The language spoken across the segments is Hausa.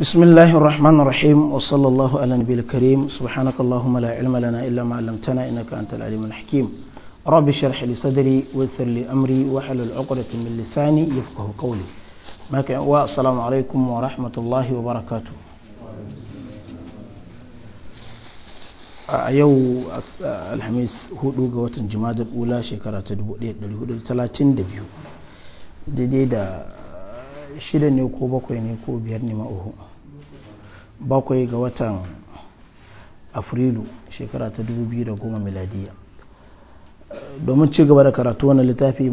بسم الله الرحمن الرحيم وصلى الله على النبي الكريم سبحانك اللهم لا علم لنا إلا ما علمتنا إنك أنت العليم الحكيم رب اشرح لي صدري ويسر لي أمري واحلل عقدة من لساني يفقه قولي والسلام عليكم ورحمة الله وبركاته a yau alhamis 4 ga watan jimadar ula shekara ta 1432 daidai da shida ne ko bakwai ne ko biyar ne ma'uhu bakwai ga watan afrilu shekara ta goma miladiya domin ci gaba da karatu wani littafi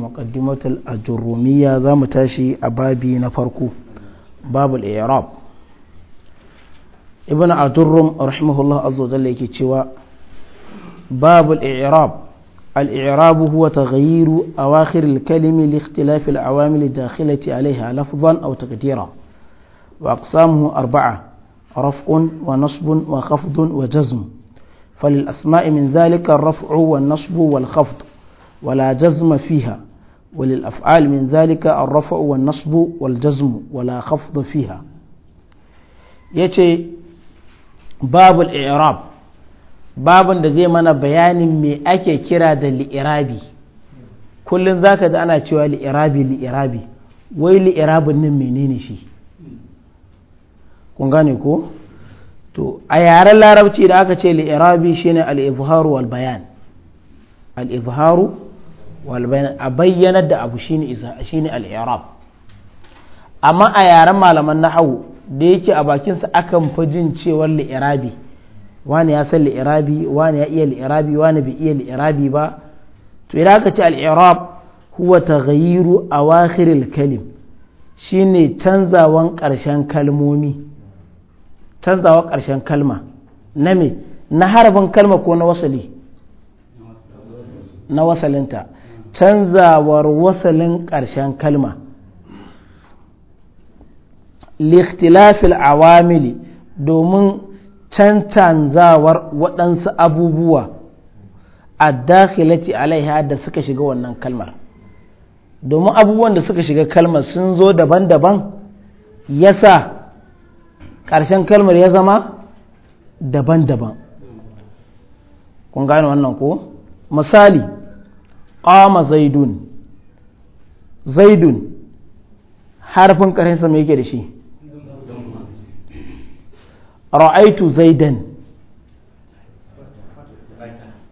a jirumiya za mu tashi a babi na farko babul i'rab ibn a rahimahullah azza wa yake cewa babul i'rab الإعراب هو تغيير أواخر الكلم لاختلاف العوامل الداخلة عليها لفظا أو تقديرا وأقسامه أربعة رفع ونصب وخفض وجزم فللأسماء من ذلك الرفع والنصب والخفض ولا جزم فيها وللأفعال من ذلك الرفع والنصب والجزم ولا خفض فيها يتي باب الإعراب babin da zai mana bayanin me ake kira da li'irabi kullum za ka ji ana cewa li'irabi li'irabi wai li'irabin nan menene shi kun gane ko to a yaren larabci da aka ce li'irabi shine al-izharu wal bayan al wal bayan a bayyanar da abu shine shine al amma a yaren malaman nahawu da yake a bakinsa akan fi jin cewar li'irabi wani ya san li'irabi wani ya iya li'irabi wani bai iya li'irabi ba to idan aka ce al'irab huwa taghayyiru awakhiril kalim shine canzawan karshen kalmomi canzawan ƙarshen kalma na me na harafin kalma ko na wasali na wasalinta canzawar wasalin ƙarshen kalma liktilafil awamili domin cancanzawar waɗansu abubuwa a dakilati alaiha da suka shiga wannan kalmar domin abubuwan da suka shiga kalmar sun zo daban-daban yasa ƙarshen kalmar ya zama daban-daban kun gane wannan ko misali ƙama zaidun zaidun harfin ƙarshen sama yake da shi ra'aitu zaidan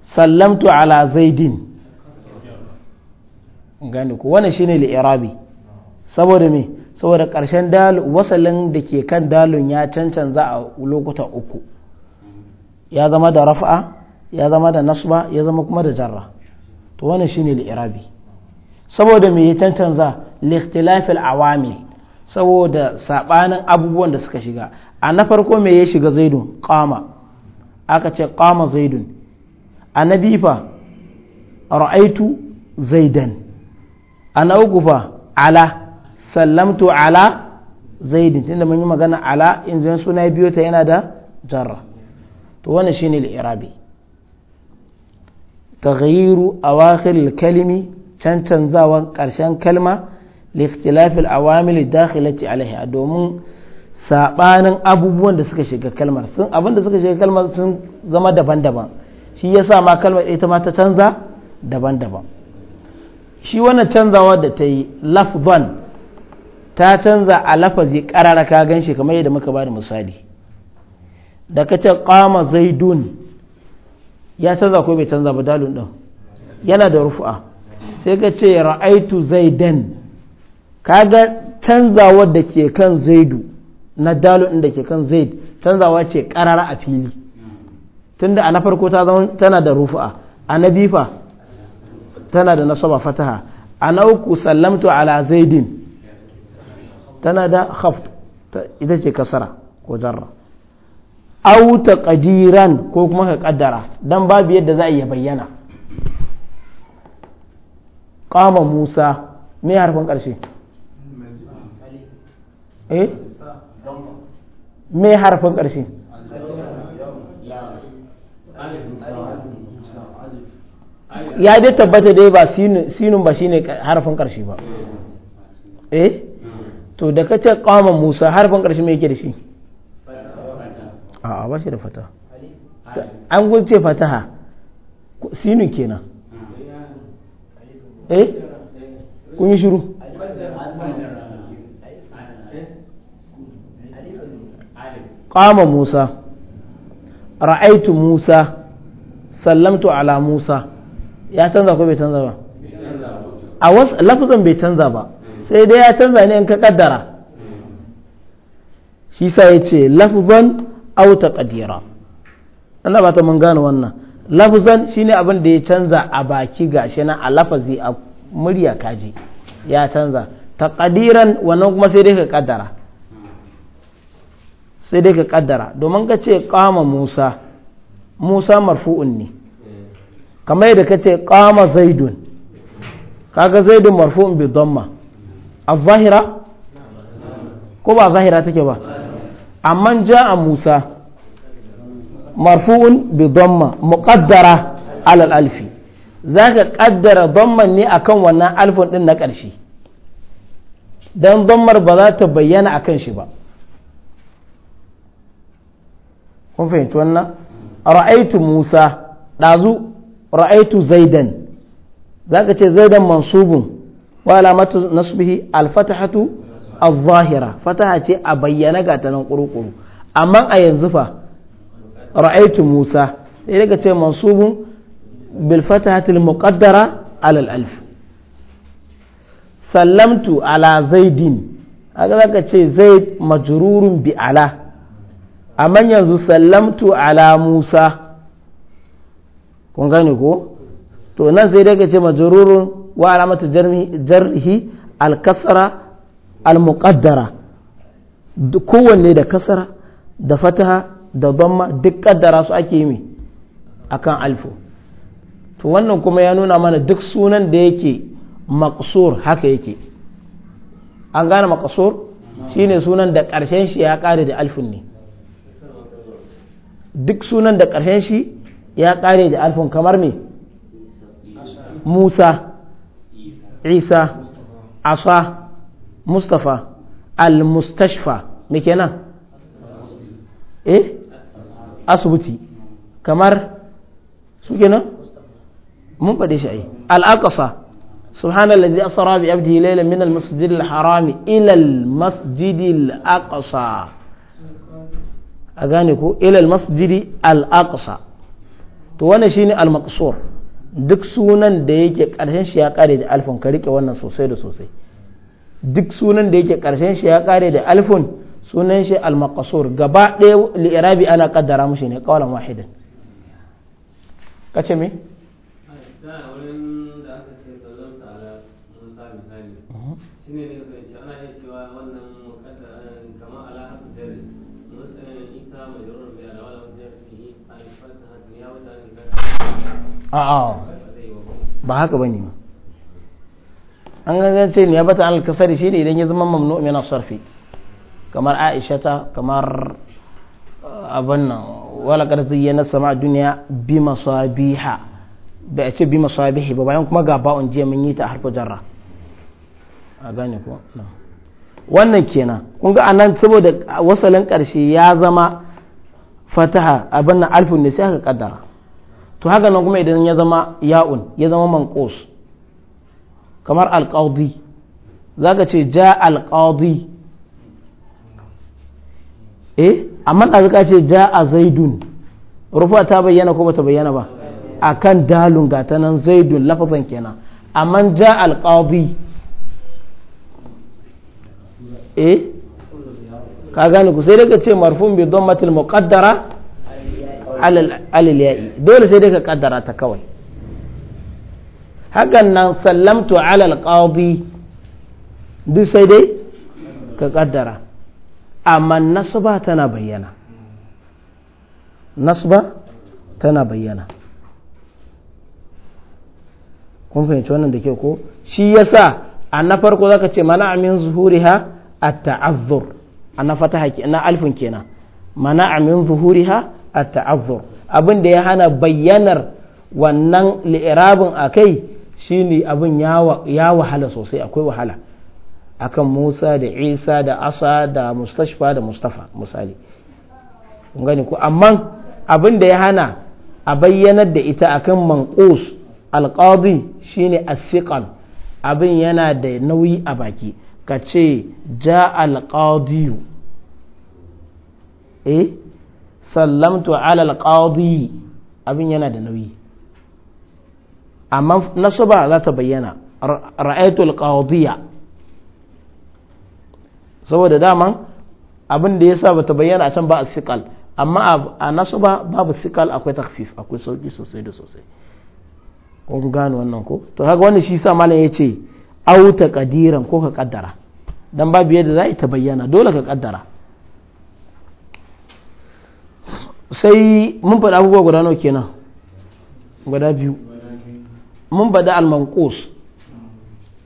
sallamtu ala zaidin gani ku wannan shine li'irabi saboda me saboda ƙarshen wasalin da ke kan dalun ya cancanza a lokuta uku ya zama da rafa ya zama da nasba ya zama kuma da jarra to wannan shine li'irabi saboda me ya cancanza li'ikhtilafil awamil saboda sabanin abubuwan da suka shiga a na farko me ya shiga zaidun kama aka ce kama zaidun a na bifa ra'aitu zaidan a na uku fa ala sallamtu ala zaidin tunda mun yi magana ala in zan suna biyo ta yana da jarra to wani shine al-irabi awakhir al-kalimi cancanzawan karshen kalma li awamili al-awamil dakhilati alaiha domin sabanin abubuwan da suka shiga kalmar sun abin da suka shiga kalmar sun zama daban-daban shi ya sa ma kalmar ita ma ta canza daban-daban shi wannan canzawa da ta yi lafban ta canza a lafazi karara ka gan shi kamar yadda muka ba da misali da ka ce kama zaidun ya canza ko bai canza ba dalun ɗin yana da rufu'a sai ka ce ra'aitu ka ga canzawar da ke kan zaidu na dalu inda ke kan zaid canzawa ce karara a fili tunda a na farko ta zama tana da rufu'a a na bifa tana da nasaba fataha a na uku sallamtu ala zaidin tana da khaf ita ce kasara ko jarra auta kadiran ko kuma ka kaddara dan babu yadda za a iya bayyana kama musa mai harfin karshe eh me harafin ƙarshe ya dai tabbata dai ba sinun ba shine harafin ƙarshe ba eh to da ka ce ƙawaman musa harafin ƙarshe mai yake da shi a ba shi da fata an fata fataha sinun kenan eh kun yi shiru qama musa ra'aitu musa sallamtu ala musa ya canza ko bai canza ba a wasu lafazan bai canza ba sai dai ya canza ne in ka kaddara shi sa ya ce lafazan ta kadira Allah ba ta mun gane wannan lafazan shine abin da ya canza a baki gashi na a lafazi a murya kaji ya canza ta kadiran wannan kuma sai dai ka kaddara sai dai ka kaddara domin ka ce kama musa musa marfu'un ne kamar yadda ka ce kama zaidun kaga zaidun marfu'un bi dhamma a zahira ko ba zahira take ba amma a musa marfu'un bi dhamma muqaddara alal alfi zaka kaddara dhamman ne akan wannan alfin din na ƙarshe dan dhammar ba za ta bayyana akan shi ba kun fahimci wannan ra'aitu musa ɗazu ra'aitu zaidan ka ce zaidan mansubun wa alamatu nasbihi alfatahatu al-zahira fataha ce a bayyana ga ta nan kurukuru amma a yanzu fa ra'aitu musa sai daga ce mansubun bil fatahatil muqaddara alal alf sallamtu ala zaidin aka zaka ce zaid majrurun bi ala amma yanzu sallamtu ala musa kun gane ko to nan zai daga ce majrurun wa alamatu jarhi al almuqaddara al kowanne da kasara da fataha da damma duk kaddara su ake yi akan alfu to wannan kuma ya nuna mana duk sunan da yake maqsur haka yake an gane maqsur shine sunan da ƙarshen shi ya kare da alfun ne duk sunan da ƙarshen shi ya ƙare da alfin kamar me musa isa asa mustafa al-mustashfa me kenan eh asibiti kamar su kenan mun faɗe shi ai al-aqsa سبحان الذي أسرى ليلا من المسجد الحرام إلى المسجد الأقصى a gane ko ilal masjidi al-aqsa to wannan shine al-maqsur duk sunan da yake karshen shi ya kare da alfun ka rike wannan sosai da sosai duk sunan da yake karshen shi ya kare da alfun sunan shi al-maqsur gaba ɗaya li'irabi ana kaddara mushi ne qawlan wahidan kace me da wurin da aka ce sallallahu musa mhm. shine ne ba haka ba ne ma an gangance ne ya bata an alkasari ne idan ya zama mamnu mai sarfi kamar Aisha kamar uh, abin nan wala karzi na sama duniya bi masabiha ba a ce bi masabihi ba bayan kuma ga ba'un jiya mun yi ta harfa jarra a gane ko wannan kenan kun ga anan saboda wasalin karshe ya zama fataha abin nan alfun sai aka kaddara to haka nan kuma idan ya zama ya'un ya zama manqus kamar alqadi zaka ce ja alqadi eh amma da zaka ce ja a rufa ta bayyana ko bata bayyana ba akan dalun gata nan zaidun lafazan kenan amma ja alqadi eh ka gane ku sai daga ce marfun bi dhammatil muqaddara alal ya'i dole sai dai ka kaddara ta kawai hakan nan sallamtu alal qadi duk sai dai ka kaddara amma nasba tana bayyana nasba tana bayyana kun fahimci wannan da ke ko shi yasa a na farko zaka ce mana amin zuhuriha a ta'azzur a na fata haƙi na alfin kenan mana amin zuhuriha a taazzur abin da ya hana bayyanar wannan li'irabin a kai shine abin ya wahala sosai akwai wahala akan Musa da Isa da Asa da Mustashfa da Mustafa misali gani ko amma abin da ya hana a bayyanar da ita akan manqus alqadi shine asiqan abin yana da nauyi a baki ka ce ja alqadiyu eh sallamtu ala alqadi abin yana da nauyi amma ba za ta bayyana ra'aitu alqadiya saboda dama abin da ba ta bayyana a can ba a sikal amma a ba babu sikal akwai takfif akwai sauki sosai da sosai kun gano wannan ko to haka wani shi sa malam ya ce auta ƙadiran ko ka kaddara dan babu yadda za ta bayyana dole ka kaddara sai mun faɗa abubuwa guda nawa kenan guda biyu mun faɗa almankos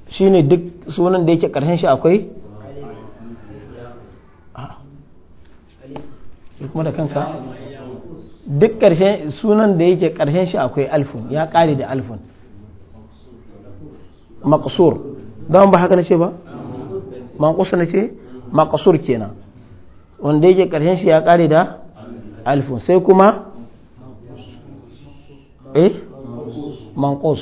shi ne duk sunan da yake ƙarshen shi akwai kuma da kanka duk ƙarshen sunan da yake ƙarshen shi akwai alfun ya ƙare da alfun maqsur don ba haka na ce ba manqus nace maqsur kenan wanda yake ƙarshen shi ya ƙare da alifun sai kuma eh manqus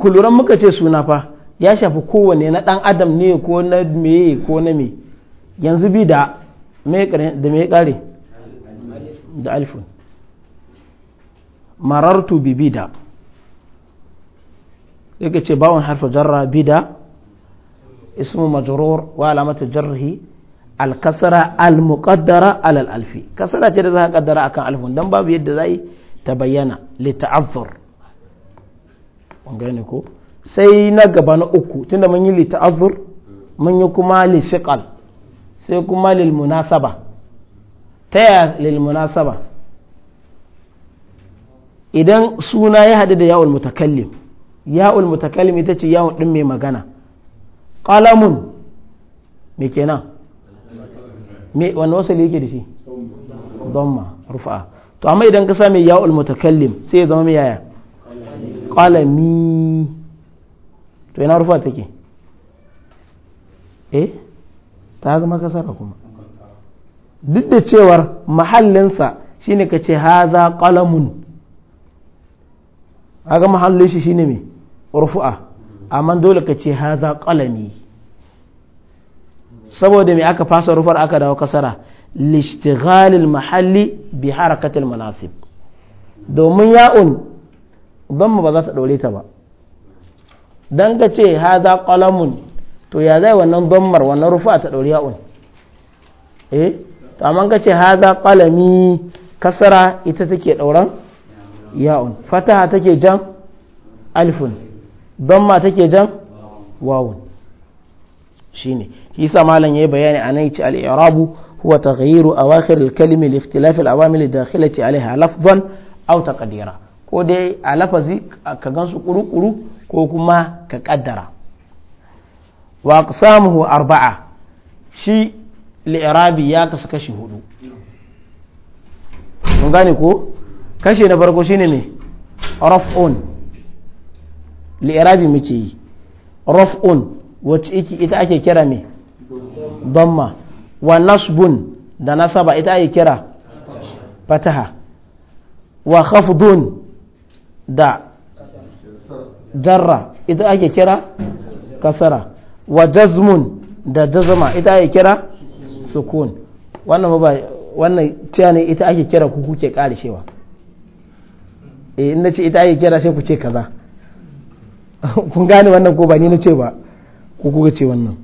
kuluran muka ce suna fa ya shafi kowane na dan adam ne ko na meye ko na me yanzu bi da me kare da alifun marartu bi bida sai ka ce bawon harfa jarra bida ismu majrur wa alamatu jarrihi alkasara almuqaddara alal alfi kasara ce da za ka kaddara akan alfun dan babu yadda zai ta bayyana li ta'azzur gane ko sai na gaba na uku tunda mun yi li ta'azzur mun yi kuma li fiqal sai kuma lil munasaba ta ya lil munasaba idan suna ya hadu da ya'ul mutakallim ya'ul mutakallim ita ce ya'ul din mai magana qalamun me kenan me wani wasa yake da shi dhamma rufa to amma idan ka same ya mutakallim sai ya zama mai yaya qalami to ina rufa take eh ta zama kasara kuma duk da cewar mahallinsa shine ka ce haza qalamun aga mahallin shi shine me rufu'a amma dole ka ce haza qalami saboda me aka fasa rufar aka dawo kasara lishtighalil mahalli bi harakatil manasib domin ya'un dhamma ba za ta dore ta ba dan ga ce hadha qalamun to ya zai wannan dhammar wannan rufa ta dore ya'un eh to amma ga ce hadha qalami kasara ita take dauran ya'un fataha take jan alfun dhamma take jan wawun shine yasa malam yayi bayani a yace al-i'rabu huwa taghyiru awakhir al-kalimi li ikhtilaf al-awamil dakhilati alaiha lafzan aw taqdira ko dai a lafazi ka gansu kurukuru ko kuma ka kaddara wa aqsamuhu arba'a shi li'irabi ya kasu kashi hudu mun gane ko kashi na farko shine ne raf'un li'irabi muke yi raf'un wacce ita ake kira me damma wa nasbun da nasaba ita ake kira fataha wa khafdun da jarra ita ake kira kasara wa jazmun da jazma ita ake kira sukun wannan ba wannan cewa ne ita ake kira ku kuke karishewa e in ce ita ake kira sai ku ce kaza kun gane wannan ko ba ni na ce ba ko kuka ce wannan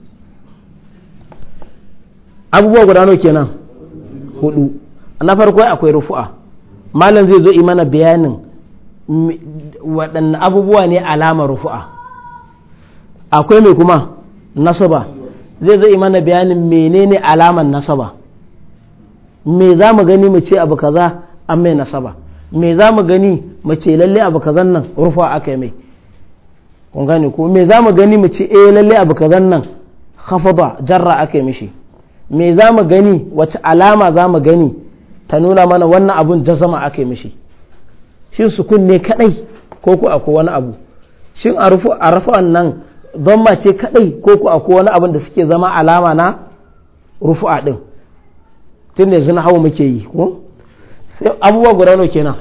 abubuwa guda nawa kenan hudu na farko akwai rufu'a malam zai zo imana bayanin waɗanne abubuwa ne alama rufu'a akwai mai kuma nasaba zai zo imana bayanin menene alaman nasaba me za mu gani mu ce abu kaza an mai nasaba me za mu gani mu ce lalle abu kazan nan rufu'a aka yi mai kun gane ko me za mu gani mu ci eh lalle abu kazan nan khafada jarra aka mishi me za mu gani wace alama za mu gani ta nuna mana wannan abun jazama aka mishi shin sukun ne kadai ko ku akwai wani abu shin a rufu a nan dhamma ce kadai ko ku akwai wani abun da suke zama alama na rufu'a din tun da zina hawa muke yi ko sai abubuwa guda kenan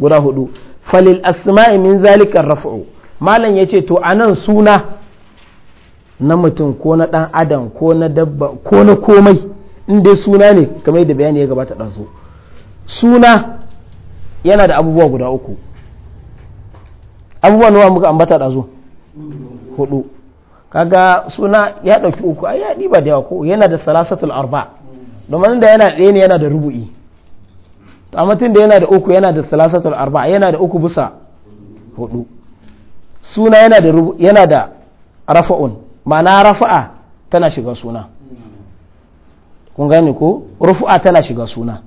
guda hudu falil asma'i min zalika rafu'u malam ya ce to a nan suna na mutum ko na ɗan adam ko na dabba ko na komai inda suna ne kamar yadda bayani ya gabata so suna yana da abubuwa guda uku abubuwa nawa muka ambata zo hudu kaga suna ya ɗauki uku a ya ba da yawa ko yana da salasatul arba domin da yana ɗaya ne yana da rubu'i amma tun da yana da uku yana da salasatul arba yana da uku bisa hudu suna yana da yana da rafa'un ma'ana rafa'a tana shiga suna kun gane ko rufu'a tana shiga suna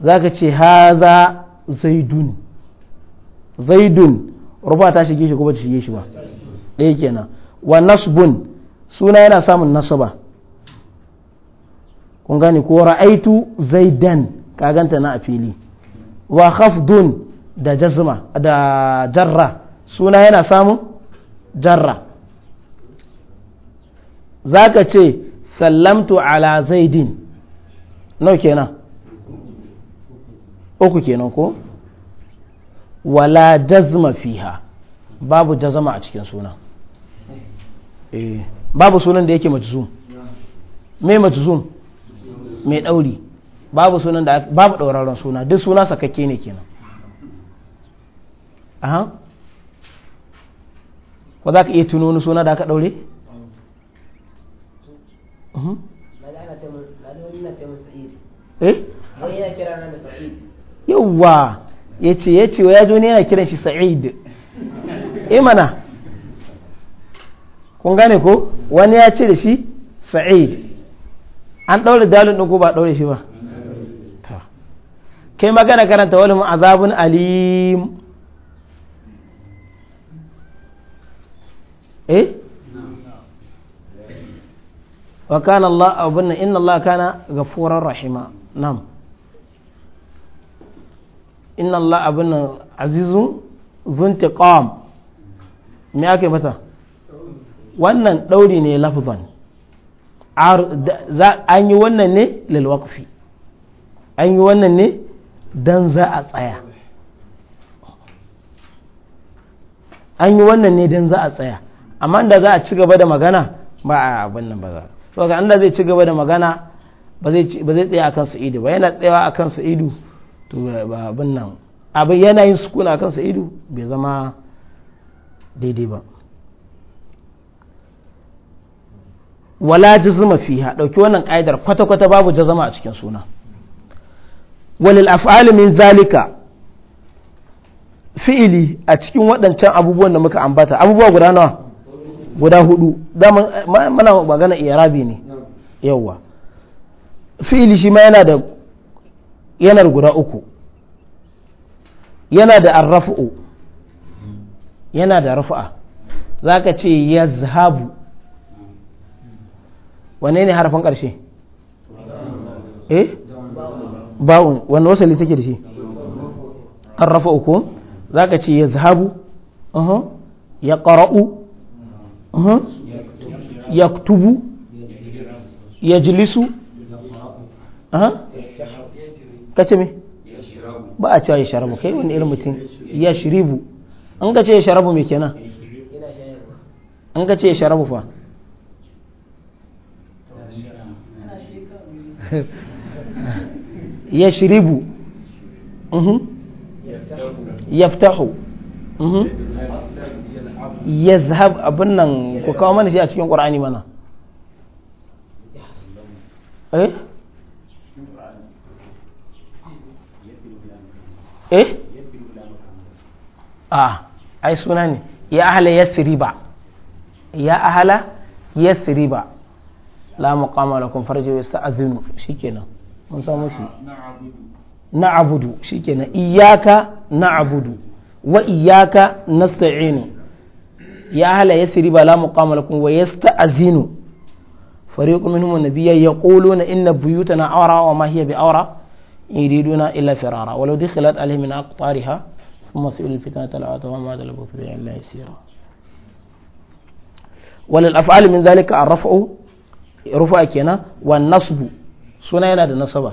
zaka ce haza zaidun zaidun rufu'a ta shige shi ko ba ta shige shi ba ɗaya kenan wa nasbun suna yana samun nasaba kun gane ko ra'aitu zaidan ka ganta na a fili wa khafdun da jazma da jarra suna yana samun jarra za ka ce sallamtu ala zaidin nau kenan uku kenan ko wala jazma fiha babu jazma a cikin suna eh, babu sunan da yake majzum mai majzum mai ɗauri babu sunan da babu ɗauraren suna duk suna sakakke ne kenan aha ba za ka iya tuno wani suna da aka ɗaure? Mhm. Eh? yawwa ya ce ya ce ya zo ne yana kiran shi sa'id imana eh kun gane ko wani ya ce da shi sa'id an ɗaure dalin ɗin ko ba ɗaure shi ba kai magana karanta wani azabun alim eh wa kana Allah abun nan inna Allah kana gafuran rahima nam inna Allah abun nan azizun zuntiqam me ake mata wannan dauri ne lafzan an yi wannan ne waqfi an yi wannan ne dan za a tsaya an yi wannan ne dan za a tsaya amma inda za a ci gaba da magana ba a abin nan ba za so ga inda zai ci gaba da magana ba zai tsaya akan sa'idu ba yana tsayawa akan sa'idu to ba abin nan abin yana yin sukuna akan sa'idu bai zama daidai ba wala jazma fiha dauki wannan ka'idar kwata-kwata babu jazma a cikin suna walil af'al min zalika fi'ili a cikin waɗancan abubuwan da muka ambata abubuwa guda nawa guda hudu mana magana rabi ne yauwa fi'ili shi ma yana da yanar guda uku yana da arrafu yana da rufa za ka ce ya zahabu wane ne harafin ƙarshe eh ba'un wanda wasali take da shi arrafu uku za ka ce ya zahabu uh-huh. ya ƙara'u yaktubu yajlisu kace me ba a cewa ya sharabu kai wani irin mutum ya shiribu an ka ce ya sharabu mai kenan an ka ce ya sharabu fa ya shiribu ya mhm. yaftahu mhm. yazhab abin nan ku kawo mana shi a cikin ƙwar'ani mana eh eh a ah, ai suna ne ya ahala ba ya ahala ba la muqama lakum farju yasta'zinu shikenan mun samu shi na'budu shikenan iyyaka na'budu wa iyyaka nasta'inu ya hala yasri ba la muqama lakum wa yasta'zinu fariqun minhum nabiyya yaquluna inna buyutana awra wa ma hiya bi awra yuriduna illa firara walau dukhilat alaihim min aqtariha ثم سئل الفتنة لأتوها ما دلبوا في الله يسيرا وللأفعال من ذلك الرفع رفع كنا والنصب سنة يناد النصب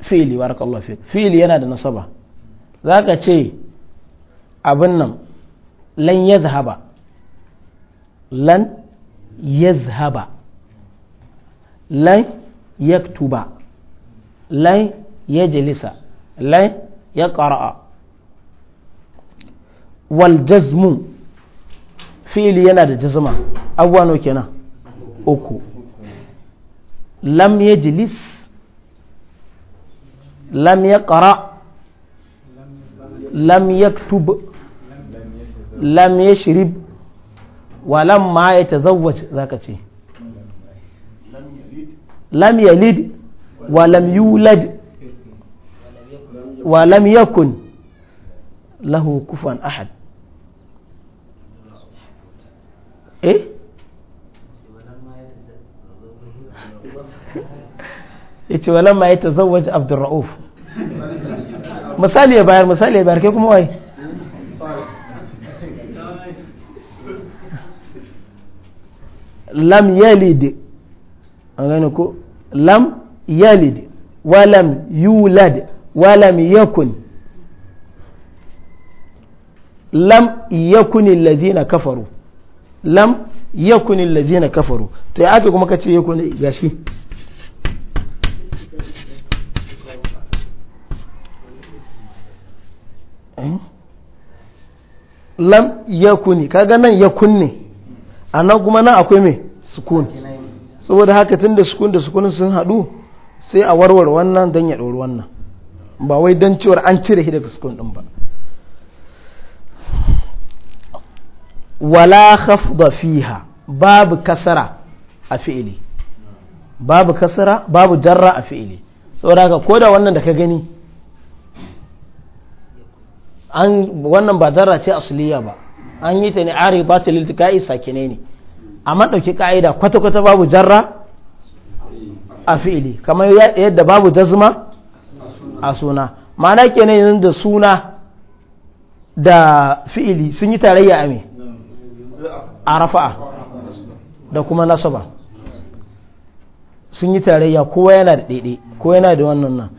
فيلي بارك الله فيك فيلي يناد النصب ذاك شيء abin nan lan ya zahaba lan ya zahaba lan ya yaktuba lan ya yajlisa lan ya yaqra'a wal jazmu fi'li yana da jazma abuwa no kenan uku lam yajlis lam yaqra lam yaktub lam ya shirib wa lam ma ya tazawwaj zaka ce lam yalid wa lam yulad wa lam yakun lahu kufuwan ahad eh yace walamma ya tazawwaj abdurrauf misali ya bayar misali ya bayar kai kuma waye. lam yalid an gane ko lam yalid walam yulad walam yakun lam yakun allazina kafaru lam yakun allazina kafaru to ya ake kuma kace yakun gashi eh? lam yakuni kaga nan yakun ne a nan kuma nan akwai mai sukun saboda haka tun da sukun da sukunin sun haɗu sai a warware wannan don ya ɗori wannan ba wai don cewar an cire shi daga sukun ɗin ba wala khafda fiha babu kasara a fi'ili babu kasara babu jarra a fi'ili saboda haka ko da wannan da ka gani an wannan ba jarra ce asliya ba an yi ta ne ari ba ta ka'i sakine ne amma ɗauki ka'ida kwata-kwata babu jarra a fi'ili kamar yadda babu jazma a suna ma'ana ne yanzu da suna da fi'ili sun yi tarayya a me a rafa'a da kuma nasaba sun yi tarayya kowa yana da ɗaiɗe ko yana da wannan nan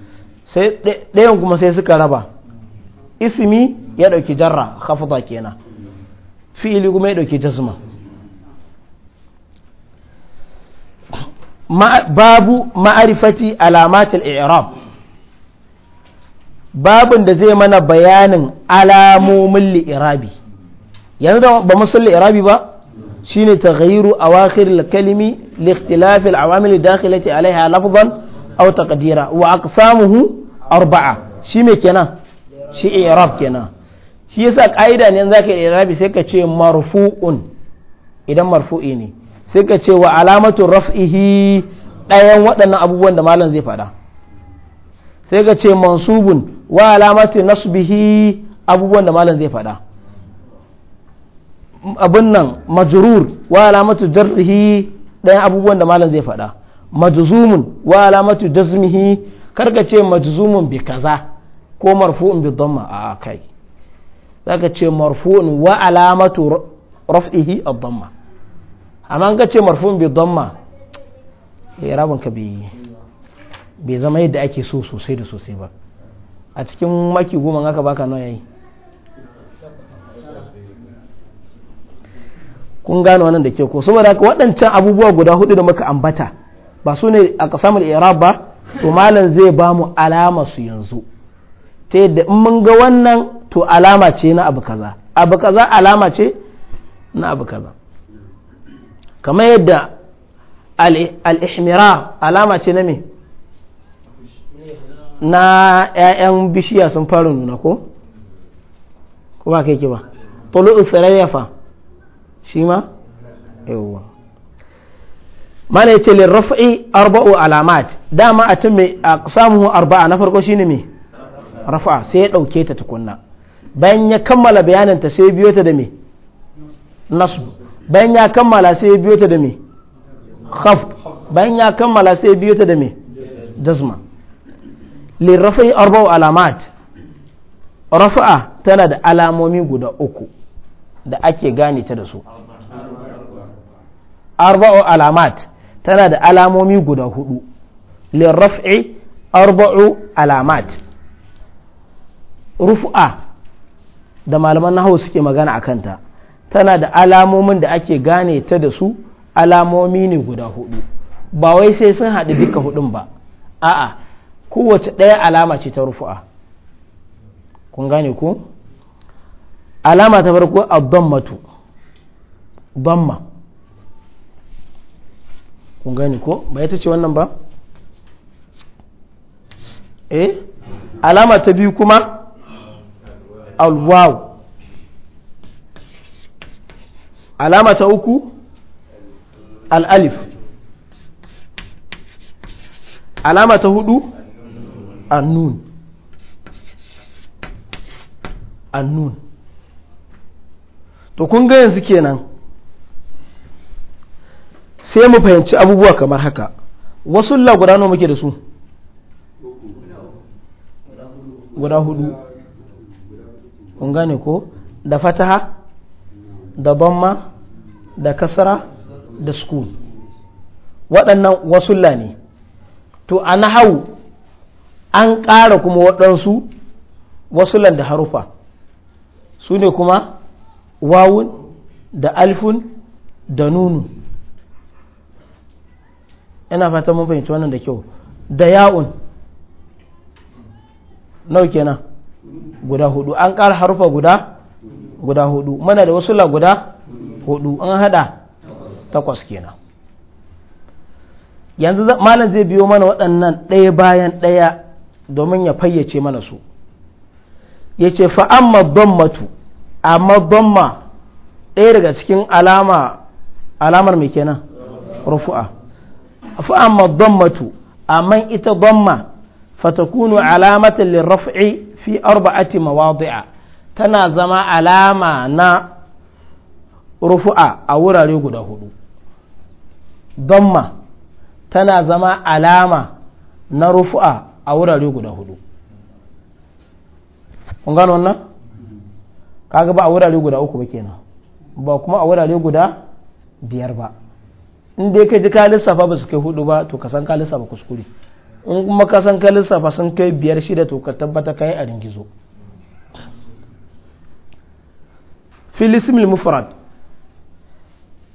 sai ɗayan kuma sai suka raba isimi ya ɗauki jarra hafuta kenan fi'ili kuma ya ɗauki jazma babu ma'arifati alamatul i'rab babun da zai mana bayanin alamomin li'irabi yanzu da ba san li'irabi ba shine taghayyuru awakhir al-kalimi li ikhtilaf al-awamil dakhilati alayha lafzan aw taqdira wa aqsamuhu arba'a shi me kenan shi i'rab kenan shi yasa ƙa'ida ne ka yi i'rabi sai ka ce marfu'un idan marfu'i ne sai ka ce wa alamatu raf'ihi ɗayan waɗannan abubuwan da malam zai faɗa sai ka ce mansubun wa alamatu nasbihi abubuwan da malam zai faɗa abin nan majurur wa alamatu jarrihi ɗayan abubuwan da malam zai faɗa majzumun wa alamatu jazmihi karka ce majzumun bi kaza ko marfu'un bi dhamma a kai zaka ce marfu'un wa alamatu raf'ihi ad-damma amma an ka ce marfu'un bi damma eh rabin ka bai bai zama yadda ake so sosai da sosai ba a cikin maki goma aka baka nawa yayi kun gano wannan da ke ko saboda haka waɗancan abubuwa guda hudu da muka ambata ba su ne a kasamul i'rab ba to malam zai ba mu alama su yanzu ta yadda in mun ga wannan to alama ce na abu kaza abu kaza alama ce na abu kaza kamar yadda al’ihmira alama ce na me na 'ya'yan bishiya sun fara nuna ko kuma kai ki ba ya fa shi ma yawon mana ce lil raf'i arba'u alamat dama a cin mai a aqsamuhu arba'a na farko shi ne me rafa sai ya ɗauke ta tukunna bayan ya kammala ta sai biyo ta da me nasu bayan ya kammala sai biyo ta da me khaf bayan ya kammala sai biyo ta da me jazma lirrafai arba'u alamat rafa'a tana da alamomi guda uku da ake gane ta da su arba'u alamat tana da alamomi guda hudu rafai arba'u alamat rufu'a da malaman nahawu suke magana a kanta tana da alamomin da ake gane ta da su alamomi ne guda hudu ba wai sai sun haɗu duka hudun ba a'a kowace ɗaya alama ce ta rufu'a kun gane ku alama ta farko a abdammatu damma kun gane ko ba ita ce wannan ba eh alama ta biyu kuma alwaw alama ta uku al'alif alama ta hudu annun annun to kun ga yanzu kenan sai mu fahimci abubuwa kamar haka wasu guda nawa muke da su guda hudu kun gane ko da fataha da bamma da kasara da sukun waɗannan wasulla ne to a nahau an ƙara kuma waɗansu wasullan da harufa su ne kuma wawun da alfun da nunu ina fata mun fahimci wannan da kyau da ya'un nau kenan guda hudu an ƙara harufa guda guda hudu mana da wasu la guda hudu an hada takwas kenan yanzu malam zai biyo mana waɗannan ɗaya bayan ɗaya domin ya fayyace mana su ya ce fa'amma matu amma ma ɗaya daga cikin alama alamar mai kenan rufu'a fa'amma matu amma ita damma fatakunu alamatan lirraf'i fi arba'ati mawadi'a tana zama alama na rufu'a a wurare guda hudu damma tana zama alama na rufu'a a wurare guda hudu kun gano wannan kaga ba a wurare guda uku ba kenan ba kuma a wurare guda biyar ba in dai ka ji ka lissafa ba su kai hudu ba to ka san ka lissafa kuskure in kuma ka san ka lissafa sun kai biyar shida to ka tabbata kai a ringizo filisimil mufrad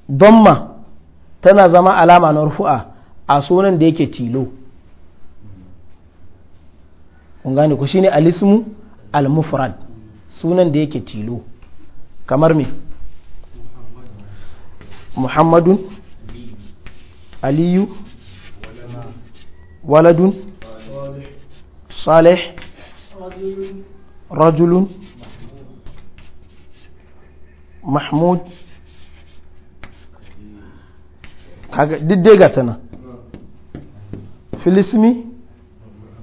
domma tana zama alama na rufu'a a sunan da yake tilo kun gane ku shine alismu al-mufrad sunan da yake tilo kamar me muhammadun aliyu waladun saleh رجل محمود kaga diddai filismi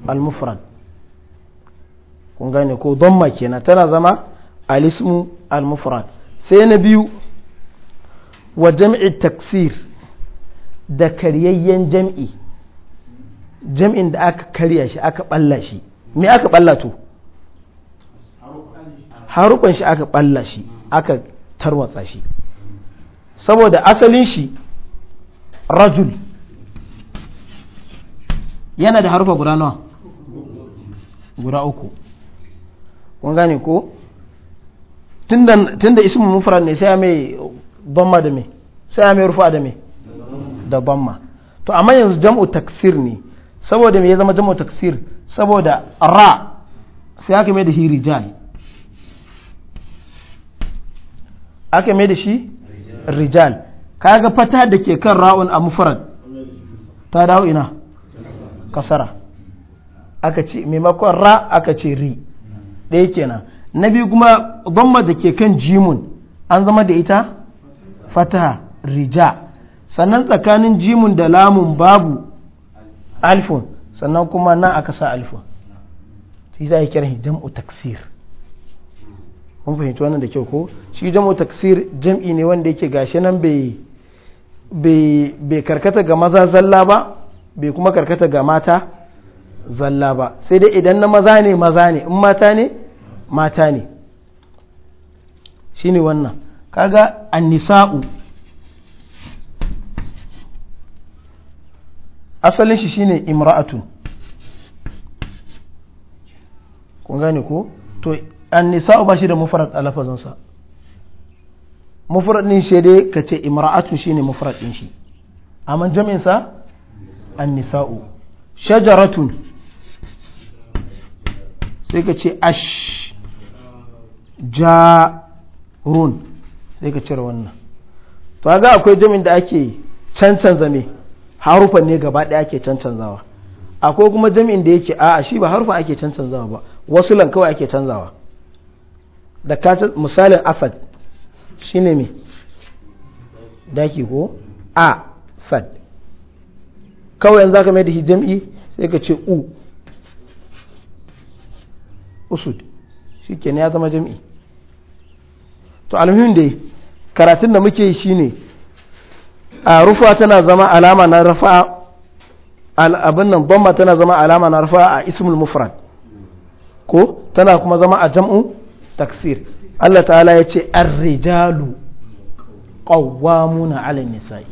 al-mufrad kun gane ko domma kenan tana zama al-ismu sai na biyu wa jam'i taksir da karyayyen jam'i jam'in da aka karya shi aka balla shi me aka balla to harukan shi aka balla shi aka tarwatsa shi saboda asalin shi rajul yana da harufa guda nawa guda uku kun gane ko tunda ismu mufrad ne sai mai damma da me sai mai rufa da me da damma to amma yanzu jam'u taksir ne saboda me ya zama jama'u taksir saboda ra sai aka mai da shi rijal aka mai da shi rijal Ka ga fata da ke kan ra'un a mufrad ta dawo ina kasara aka ce maimakon ra aka ce ri ɗaya kenan na biyu kuma dhamma da ke kan jimun an zama da ita Fata. rija sannan tsakanin jimun da lamun babu alifun sannan kuma na aka sa alifun shi za a yi kira jam'u taksir kun fahimci wannan da kyau ko shi jam'u taksir jam'i ne wanda yake gashi nan bai karkata ga maza zalla ba bai kuma karkata ga mata zalla ba sai dai idan na maza ne maza ne in mata ne mata ne shine wannan kaga annisa'u asalin shi shine imra'atun kun gane ko to annisa'u ba shi da mufrad a lafazin sa mufrad din shi dai kace imra'atu shine mufrad din shi amma jami'in sa annisa'u shajaratun sai ka ce ash jarun sai ka cire wannan to ga akwai jami'in da ake cancanza zame harufan ne gaba ɗaya ake cancanzawa akwai kuma jami'in da yake a shi ba harufan ake cancanzawa ba wasu lan kawai ake canzawa da kata misalin afad shi me daki ko a sad kawai yanzu zaka mai da shi jami'i sai ka ce u usud shikenan ya zama jami'i to alhamdulillah karatun da muke yi ne. a rufa tana zama alama na rafa abin nan dhamma tana zama alama na rafa a ismul mufrad ko tana kuma zama a jam'u taksir Allah ta'ala ya ce ar-rijalu qawwamuna 'ala nisa'i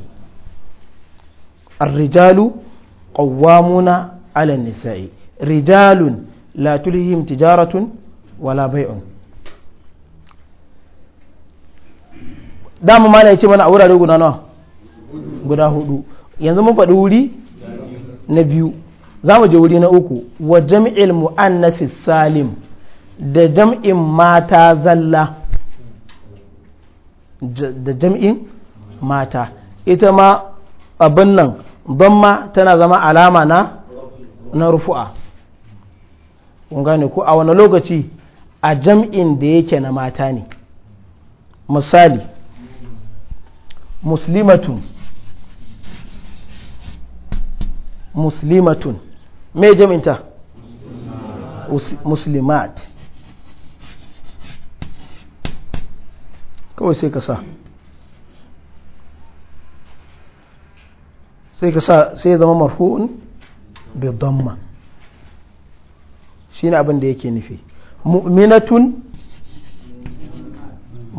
ar-rijalu qawwamuna 'ala nisa'i rijalun la tulihim tijaratun wala bai'un dama mana ya ce mana a wurare guda nawa guda hudu yanzu mun faɗi wuri na biyu za mu je wuri na uku wa jami'il mu'annasi salim da jam'in mata zalla da jam'in mata ita ma abin nan ma tana zama alama na na rufu'a kun gane ko a wani lokaci a jam'in da yake na mata ne misali muslimatun muslimatun me jaminta muslimat kawai sai ka sa sai ka sa sai ya zama marfu'un bi damma ne abin da yake nufi mu'minatun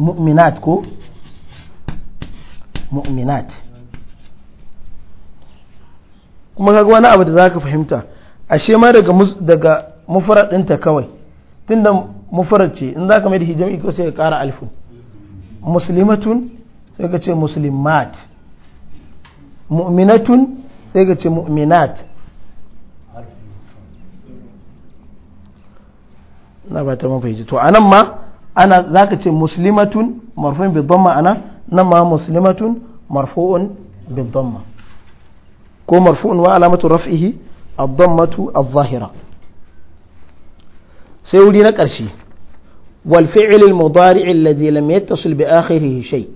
mu'minat ko mu'minat kuma kaga wani abu da zaka fahimta ashe ma daga daga mufrad ɗinta kawai tunda mufrad ce in zaka mai da hijami ko sai ka ƙara alfu muslimatun sai ka ce muslimat mu'minatun sai ka ce mu'minat na ba ta mafi to anan ma ana zaka ce muslimatun marfu'un bi dhamma ana nan ma muslimatun marfu'un bi dhamma ko marfu'un wa alamatu raf'ihi ad-dammatu adh-dhahira sai wuri na ƙarshe wal fi'l al-mudari' alladhi lam yattasil bi akhirihi shay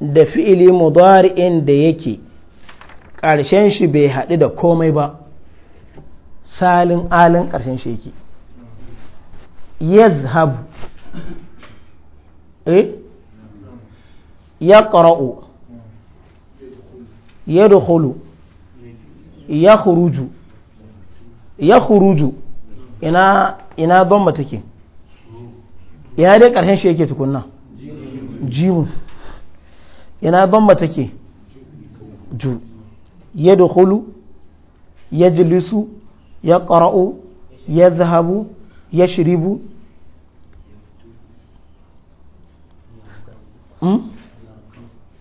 da fi'ili mudari'in da yake ƙarshen shi bai haɗu da komai ba salin alin ƙarshen shi yake yazhabu eh ya يدخل يخرج يخرج ina ina dhamma take ya dai karshen shi yake tukunna jimu ina ya take ju yadkhulu yajlisu yaqra'u yadhhabu yashribu hmm?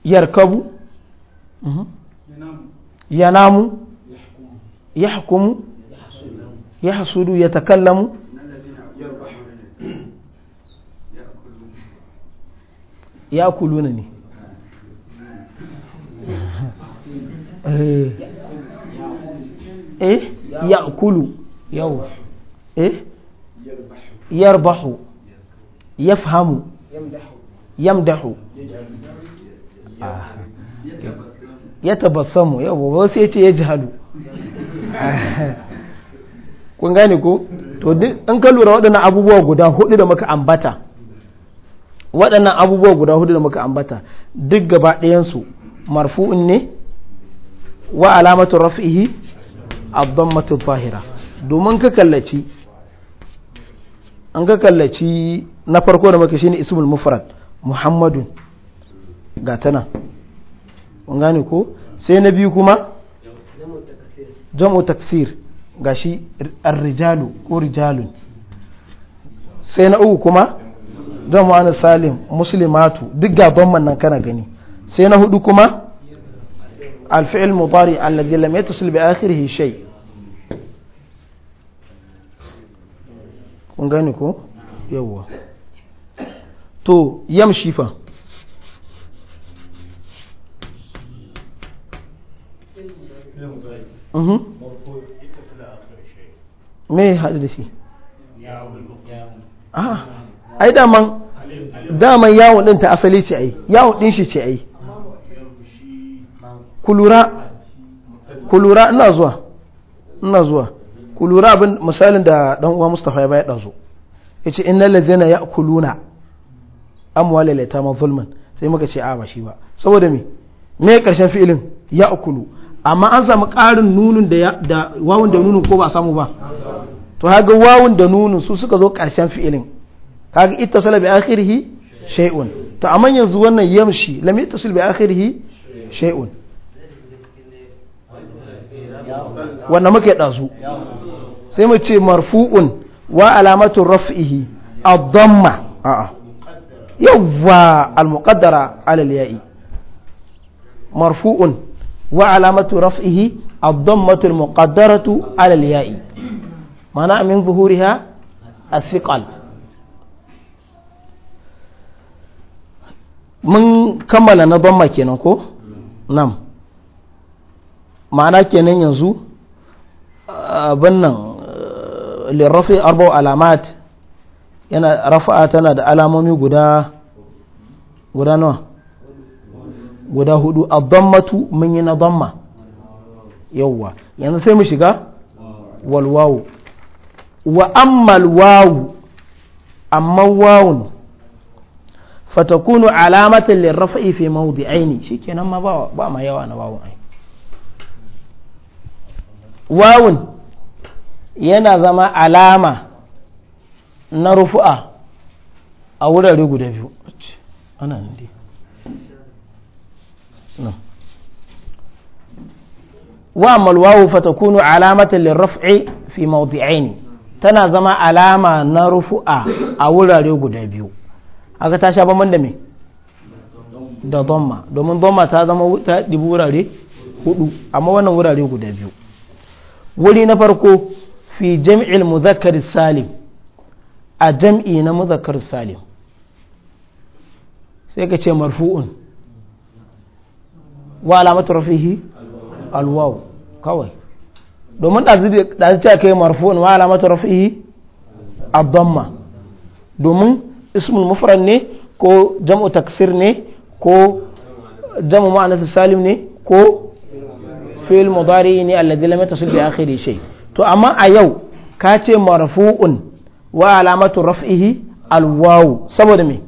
yarkabu hmm? ينام يحكم يحصد يتكلم يأكلونني إيه يأكل يو إيه يربح يفهم يمدح يمدح آه. ya tabassamu ya wasu ya ce ya jihalu kun gane ko to duk an ka lura waɗannan abubuwa guda hudu da muka ambata waɗannan abubuwa guda hudu da muka ambata duk gaba ɗayansu marfu'un ne wa alamatu raf'ihi ad-dammatu zahira domin ka kallaci an ka kallaci na farko da muka shine ismul mufrad muhammadun ga tana an gane ko sai na biyu kuma jam'u taksir gashi ar-rijalu ko rijalun sai na uku kuma jam'u an salim muslimatu duk ga man nan kana gani sai na hudu kuma al-fi'l mudari alladhi lam yattasil bi akhirih shay kun gane ko yawwa to yam fa Mhm. me haɗu da shi ah, ai daman daman yawon ɗin ta asali ce ai yawon ɗin shi ce ai kulura kulura ina zuwa ina zuwa kulura abin misalin da ɗan uwa mustapha ya baya ɗazu ya ce inna na ya kuluna amuwa lalaita ma zulman sai muka ce a ba shi ba saboda me me ƙarshen fi'ilin ya ukulu amma an samu ƙarin nunin da wawun da nunin ko ba a samu ba to haga wawun da nunin su suka zo ƙarshen fi'ilin kaga ittasala bi akhirihi shay'un to amma yanzu wannan yamshi lam yattasil bi akhirihi shay'un wannan muke dasu sai mu ce marfu'un wa alamatu raf'ihi ad-damma a'a yawwa al-muqaddara ala al-ya'i marfu'un wa alamatu raf'ihi ad-dammatu al-muqaddaratu ala al-ya'i a min mun kammala na damma kenan ko nam ma'ana kenan yanzu abin nan eh, lirrafi arba alamat yana rafa'a tana da alamomi guda guda nawa guda hudu a dammatu mun yi na damma yawwa yanzu sai mu shiga walwawu wa ammal wawu amma wawun fatakunu alamatan lirrafa'i fi maudi aini shikenan ma ba ma yawa na wawun ai wawun yana zama alama na rufu'a a wurare guda biyu ana nan dai wa malwawu fatakunu alamatan lirraf'i fi mawdi'aini tana zama alama na rufu'a a wurare guda biyu aka ta sha bamban da me domin dhamma ta zama ta dibi wurare hudu amma wannan wurare guda biyu wuri na farko fi jam'il muzakkar salim a jam'i na muzakkar salim sai ka ce marfu'un wa alamatu rafihi alwaw kawai domin da ɗazu ce kai marfu'un wa alamatu rafihi abdamma domin ismul mufrad ne ko jam'u taksir ne ko jam'u ma'anatu salim ne ko fi'il mudari ne alladhi lam yatasil bi akhiri shay to amma a yau ka ce marfu'un wa alamatu raf'ihi alwaw saboda me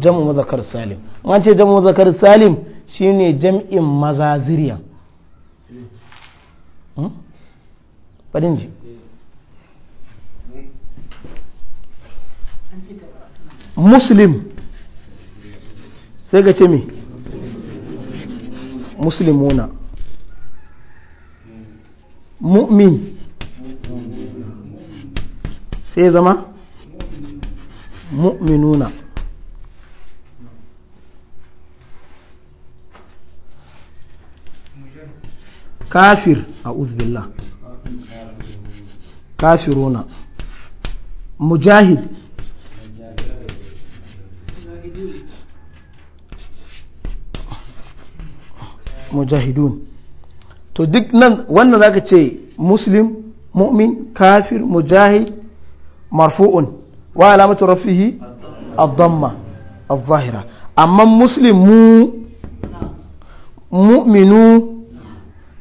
jam'u muzakkar salim an ce jam'u muzakkar salim ne jam'in maza ziryan faɗin hmm? ji muslim sai ga ce me muslimuna mu'min sai zama mu'minuna kafir a uzbillah kafiruna mujahid mujahidun to duk nan wannan zaka ce muslim mu'min kafir mujahid marfu'un wa alamatu rafihi ad-damma zahira amma muslim mu mu'minu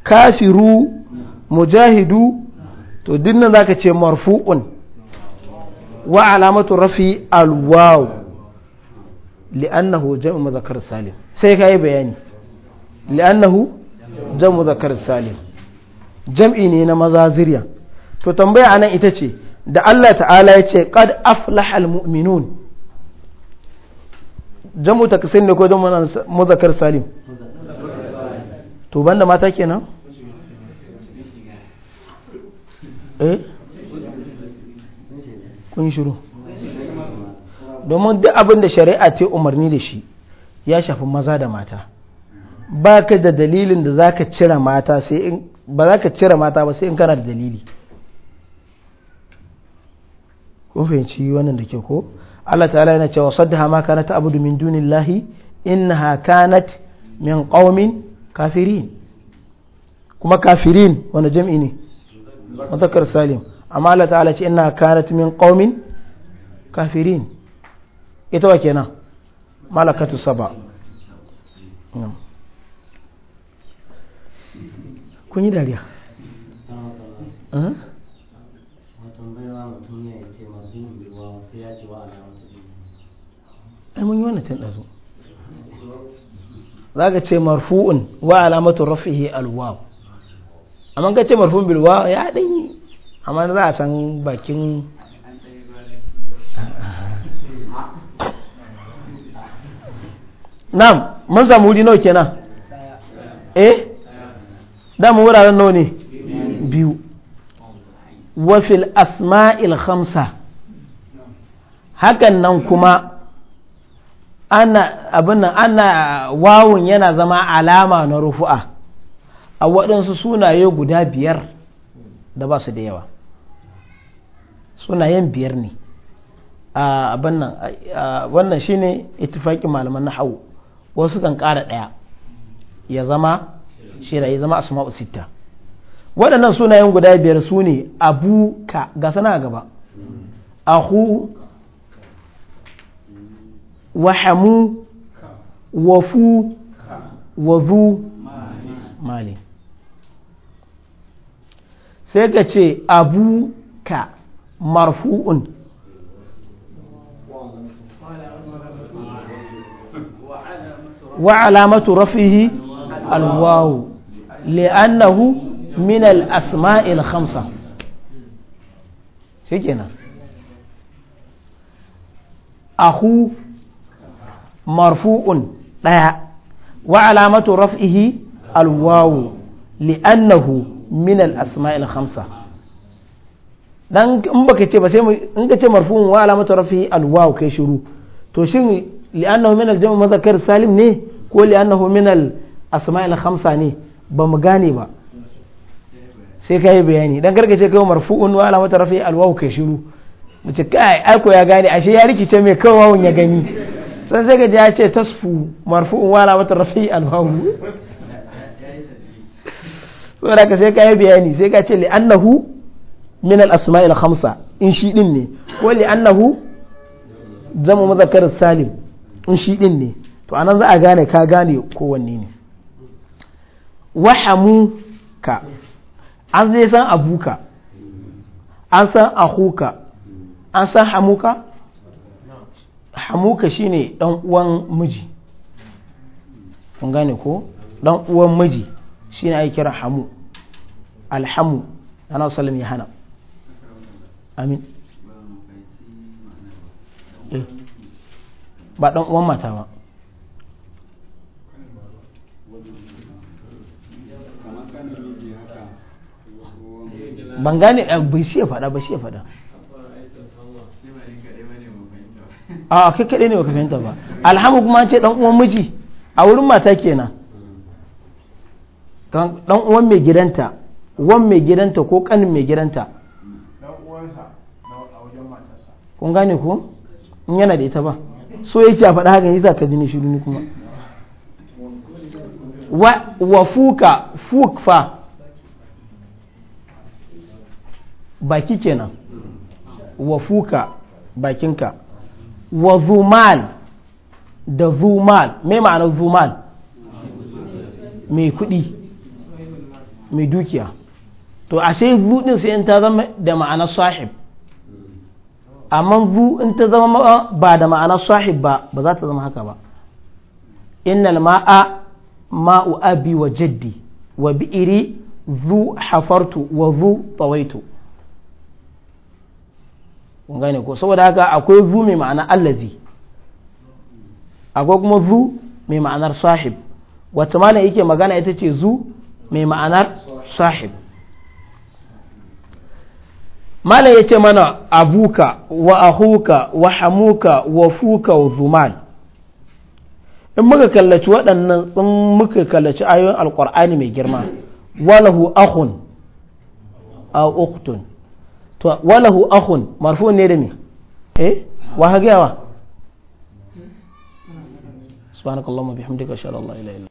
kafiru mujahidu to dinnan zaka ce marfu'un wa alamatu rafi alwaw li'annahu jam'u mudhakkar salim sai kai bayani li'annahu jam'u mudhakkar salim jam'i ne na maza zuriya to tambaya anan ita ce da Allah ta'ala ya ce qad aflaha almu'minun jam'u taksin ne ko jam'u mudhakkar salim to banda mata kenan Eh? kun shiru domin duk abin da shari'a ce umarni da shi ya shafi maza da mata ba ka da dalilin da za ka cire mata sai in ba za ka cire mata ba sai in kana da dalili kun fahimci wannan da ke ko Allah ta'ala yana cewa saddaha ma kanat abudu min dunillahi innaha kanat min qaumin kafirin kuma kafirin wani jam'i ne muzakkar salim amma Allah ta'ala ce ina kanat min qaumin kafirin ita wa kenan malakatu saba kun yi dariya ai mun yi wannan tun ɗazu za ka ce marfu'un wa alamatu rafihi alwaw amma kace marfun bilwa ya dan yi amma za a san bakin nam mun samu wuri nawa kenan eh mu wuraren nawa ne biyu wafil asma'il khamsa hakan nan kuma ana abin nan ana wawun yana zama alama na rufu'a a waɗansu sunaye guda biyar da ba su da yawa sunayen biyar ne a wannan shine ittifaƙin malaman na hau wasu kan kara ɗaya ya zama shida ya zama asma'u sitta waɗannan sunayen guda biyar su ne abu ka ga sana gaba ahu wahamu wafu wazu mali sai ka ce abu ka marfu'un wa alamatu rafihi alwawu li'annahu min al-asma'il khamsa shikenan ahu marfu'un daya wa alamatu raf'ihi alwawu li'annahu min al-asma'il khamsa dan in baka ce ba sai in ka ce marfu wa alamatu rafi al-waw kai shiru to shin li'annahu min al-jam' mudhakkar salim ne ko li'annahu min al-asma'il khamsa ne ba mu gane ba sai kai bayani dan karka ce kai marfu wa alamatu rafi al-waw kai shiru mu ce kai ai ko ya gane ashe ya rikice mai kai wawun ya gani san sai ka ji ya ce tasfu marfu wa alamatu rafi al-waw saboda ka sai ka yi bayani sai ka ce li annahu min al asma'il khamsa in shi din ne ko li annahu zama muzakkar salim in shi din ne to anan za a gane ka gane kowanne ne wahamu ka an zai san abuka an san ahuka an san hamuka hamuka shine dan uwan miji kun gane ko dan uwan miji shine ai kira hamu alhamu ana sallam ya hana amin eh. ba ɗan uwan mata ba ban gane eh, bai shi ya faɗa ba shi ya faɗa a ah, kai kaɗai ne ba ka fahimta ba alhamu kuma ce ɗan uwan miji a wurin mata kenan dan uwan mai gidanta wan mai gidanta ko kanin mai gidanta kun gane ko in yana da ita ba so yake a faɗa hakan yasa ka ji ne shiru kuma wa fuka fuk baki kenan wa fuka bakinka wa zumal da zumal mai ma'anar zumal mai kuɗi mai dukiya to ashe bu din sai in ta zama da ma'anar sahib amma bu in ta zama ba da ma'anar sahib ba ba za ta zama haka ba innal ma'a ma'u abi wa jaddi wa bi'iri zu hafartu wa zu tawaitu kun gane ko saboda haka akwai zu mai ma'ana allazi akwai kuma zu mai ma'anar sahib wata malam yake magana ita ce zu mai ma'anar sahib mala ya ce mana abuka wa ahuka wa hamuka wa fuka wa zuman in muka kallaci waɗannan tsin muka kallaci ayoyin alƙur'ani mai girma walahu ahun a uktun to walahu ahun marfu ne da eh wa hagewa subhanakallahumma bihamdika shallallahu alaihi